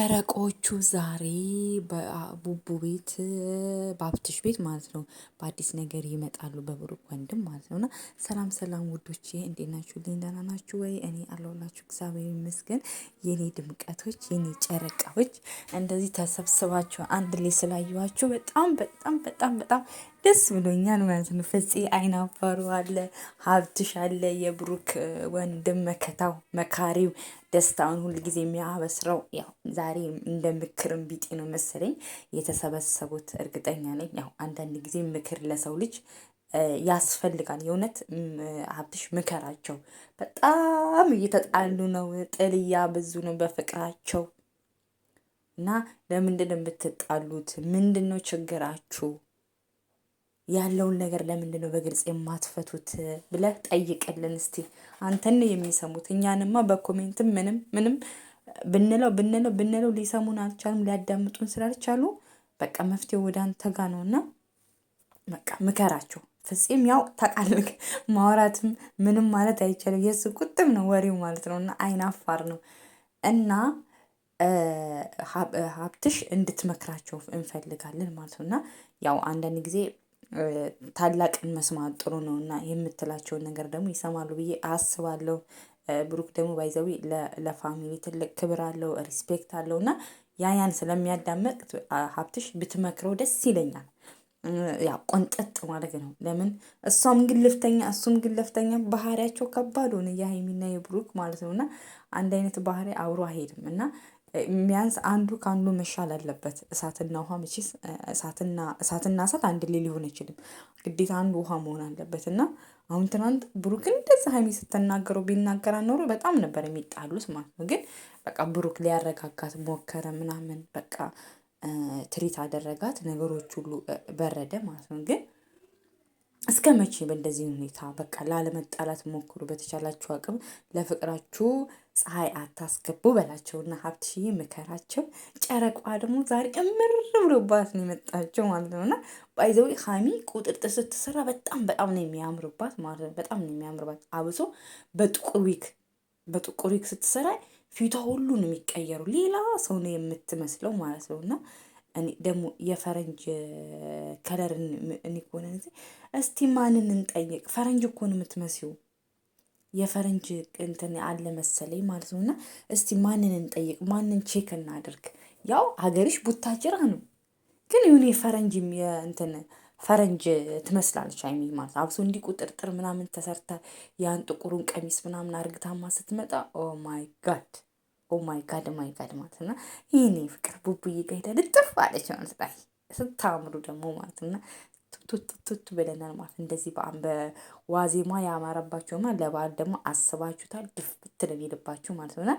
ጨረቆቹ ዛሬ በቡቡ ቤት በሀብትሽ ቤት ማለት ነው፣ በአዲስ ነገር ይመጣሉ፣ በብሩክ ወንድም ማለት ነው። እና ሰላም ሰላም ውዶቼ፣ እንዴት ናችሁ? ደህና ናችሁ ወይ? እኔ አለሁላችሁ፣ እግዚአብሔር ይመስገን። የኔ ድምቀቶች፣ የኔ ጨረቃዎች፣ እንደዚህ ተሰብስባችሁ አንድ ላይ ስላየኋችሁ በጣም በጣም በጣም በጣም ደስ ብሎኛል ማለት ነው። ፍፄ አይን አፋሩ አለ፣ ሀብትሽ አለ፣ የብሩክ ወንድም መከታው መካሪው ደስታውን ሁልጊዜ የሚያበስረው ያው ዛሬ እንደ ምክርም ቢጤ ነው መሰለኝ የተሰበሰቡት። እርግጠኛ ነኝ ያው አንዳንድ ጊዜ ምክር ለሰው ልጅ ያስፈልጋል። የእውነት ሀብትሽ ምከራቸው። በጣም እየተጣሉ ነው፣ ጥል እያበዙ ነው በፍቅራቸው እና ለምንድን የምትጣሉት? ምንድን ነው ችግራችሁ? ያለውን ነገር ለምንድነው በግልጽ የማትፈቱት ብለህ ጠይቅልን እስቲ። አንተን የሚሰሙት እኛንማ በኮሜንትም ምንም ምንም ብንለው ብንለው ብንለው ሊሰሙን አልቻሉም። ሊያዳምጡን ስላልቻሉ በቃ መፍትሄ ወደ አንተ ጋ ነው እና በቃ ምከራቸው። ፍጹም ያው ታውቃለህ፣ ማውራትም ምንም ማለት አይቻልም። የእሱ ቁጥም ነው ወሬው ማለት ነው እና አይናፋር ነው እና ሀብትሽ እንድትመክራቸው እንፈልጋለን ማለት ነው እና ያው አንዳንድ ጊዜ ታላቅን መስማት ጥሩ ነው እና የምትላቸውን ነገር ደግሞ ይሰማሉ ብዬ አስባለሁ። ብሩክ ደግሞ ባይዘዊ ለፋሚሊ ትልቅ ክብር አለው ሪስፔክት አለው እና ያ ያን ስለሚያዳምጥ ሀብትሽ ብትመክረው ደስ ይለኛል። ያ ቆንጠጥ ማድረግ ነው። ለምን እሷም ግልፍተኛ እሱም ግልፍተኛ ባህሪያቸው ከባድ ሆነ የሀይሚና የብሩክ ማለት ነው። እና አንድ አይነት ባህሪ አብሮ አይሄድም እና ቢያንስ አንዱ ከአንዱ መሻል አለበት። እሳትና ውሃ መቼስ እሳትና እሳትና እሳት አንድ ላይ ሊሆን አይችልም። ግዴታ አንዱ ውሃ መሆን አለበት። እና አሁን ትናንት ብሩክ እንደዚህ ሀይሚ ስትናገረው ቢናገራ ኖሮ በጣም ነበር የሚጣሉት ማለት ነው። ግን በቃ ብሩክ ሊያረጋጋት ሞከረ ምናምን በቃ ትሪት አደረጋት ነገሮች ሁሉ በረደ ማለት ነው ግን እስከ መቼ በእንደዚህ ሁኔታ በቃ ላለመጣላት ሞክሩ። በተቻላችሁ አቅም ለፍቅራችሁ ፀሐይ አታስገቡ በላቸው በላቸውና ሀብትሽዬ ምከራቸው። ጨረቋ ደግሞ ዛሬ እምር ብሎባት ነው የመጣቸው ማለት ነው። እና ባይዘዊ ሀሚ ቁጥርጥር ስትሰራ በጣም በጣም ነው የሚያምርባት ማለት ነው። በጣም ነው የሚያምርባት አብሶ በጥቁር ዊክ በጥቁር ዊክ ስትሰራ ፊቷ ሁሉ ነው የሚቀየሩ ሌላ ሰው ነው የምትመስለው ማለት ነው እና ደግሞ የፈረንጅ ከለርን እኔ ከሆነ ጊዜ እስቲ ማንን እንጠይቅ? ፈረንጅ እኮ ነው የምትመስዩ። የፈረንጅ እንትን አለ መሰለኝ ማለት ነው። እና እስቲ ማንን እንጠይቅ? ማንን ቼክ እናድርግ? ያው ሀገርሽ ቡታጅራ ነው፣ ግን ይሁን የፈረንጅ እንትን ፈረንጅ ትመስላለች። አይሚ ማለት አብሶ እንዲህ ቁጥርጥር ምናምን ተሰርተ ያን ጥቁሩን ቀሚስ ምናምን አርግታማ ስትመጣ ኦ ማይ ጋድ ኦማይ ጋድ ማይ ጋድ ማለት ና ይህኔ ፍቅር ቡቡዬ ጋ ሄዳ ልጥፍ አለች ማለት ላይ ስታምሩ ደግሞ ማለት ና ቱቱቱቱ ብለናል ማለት እንደዚህ በዋዜማ ዋዜማ ያማረባቸውና ለበዓል ደግሞ አስባችሁታል ድፍት ነው የሚልባችሁ ማለት ነውና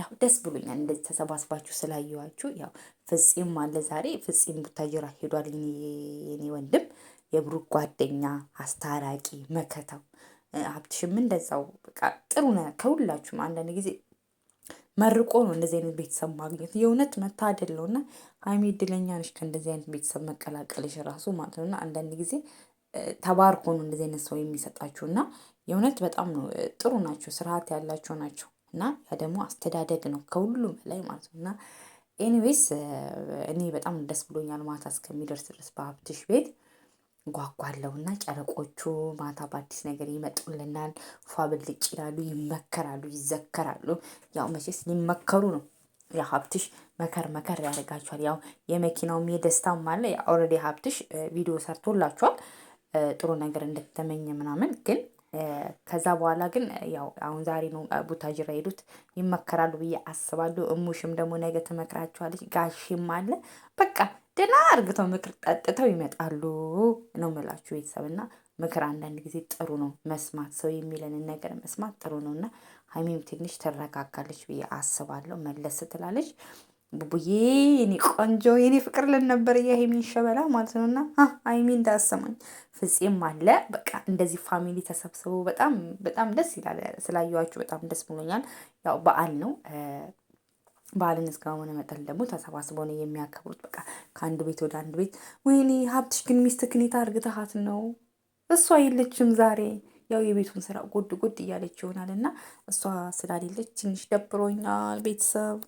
ያው ደስ ብሎኛል እንደዚህ ተሰባስባችሁ ስላየዋችሁ። ያው ፍጺም አለ ዛሬ ፍጺም ቡታጅራ ሄዷል። የኔ ወንድም የብሩክ ጓደኛ አስታራቂ መከታው ሀብትሽም እንደዛው በቃ ጥሩ ነ ከሁላችሁም አንዳንድ ጊዜ መርቆ ነው እንደዚህ አይነት ቤተሰብ ማግኘት የእውነት መታደል ነው። እና ሀይሚ እድለኛ ከእንደዚህ አይነት ቤተሰብ መቀላቀልሽ ራሱ ማለት ነው። እና አንዳንድ ጊዜ ተባርኮ ነው እንደዚህ አይነት ሰው የሚሰጣችሁ እና የእውነት በጣም ነው ጥሩ ናቸው፣ ስርዓት ያላቸው ናቸው። እና ያ ደግሞ አስተዳደግ ነው ከሁሉም በላይ ማለት ነው። እና ኤኒዌይስ እኔ በጣም ደስ ብሎኛል። ማታ እስከሚደርስ ድረስ በሀብትሽ ቤት ጓጓለውና ጨረቆቹ ማታ በአዲስ ነገር ይመጡልናል። ፋብል ብልጭ ይላሉ ይመከራሉ ይዘከራሉ። ያው መቼስ ሊመከሩ ነው። ያ ሀብትሽ መከር መከር ያደርጋችኋል። ያው የመኪናውም የደስታም አለ ኦልሬዲ ሀብትሽ ቪዲዮ ሰርቶላችኋል። ጥሩ ነገር እንደተመኘ ምናምን ግን ከዛ በኋላ ግን ያው አሁን ዛሬ ነው ቡታጅራ ሄዱት ይመከራሉ ብዬ አስባለሁ። እሙሽም ደግሞ ነገ ትመክራቸዋለች። ጋሽም አለ በቃ ደና አርግተው ምክር ጠጥተው ይመጣሉ ነው ምላችሁ ቤተሰብ። እና ምክር አንዳንድ ጊዜ ጥሩ ነው መስማት፣ ሰው የሚለንን ነገር መስማት ጥሩ ነው እና ሀይሚም ትንሽ ትረጋጋለች ብዬ አስባለሁ። መለስ ትላለች። ቡቡዬ የኔ ቆንጆ የኔ ፍቅር ልንነበር የሀይሚን ሸበላ ማለት ነው። እና ሀይሚ እንዳያሰማኝ ፍጼም አለ በቃ እንደዚህ ፋሚሊ ተሰብስበው በጣም በጣም ደስ ይላል። ስላየኋችሁ በጣም ደስ ብሎኛል። ያው በዓል ነው። በዓልን እስከሆነ መጠን ደግሞ ተሰባስበው ነው የሚያከብሩት። በቃ ከአንድ ቤት ወደ አንድ ቤት። ወይኔ ሀብትሽ ግን ሚስት ክኔታ እርግተሃት ነው እሷ የለችም ዛሬ ያው የቤቱን ስራ ጎድ ጎድ እያለች ይሆናል እና እሷ ስላሌለች ትንሽ ደብሮኛል ቤተሰብ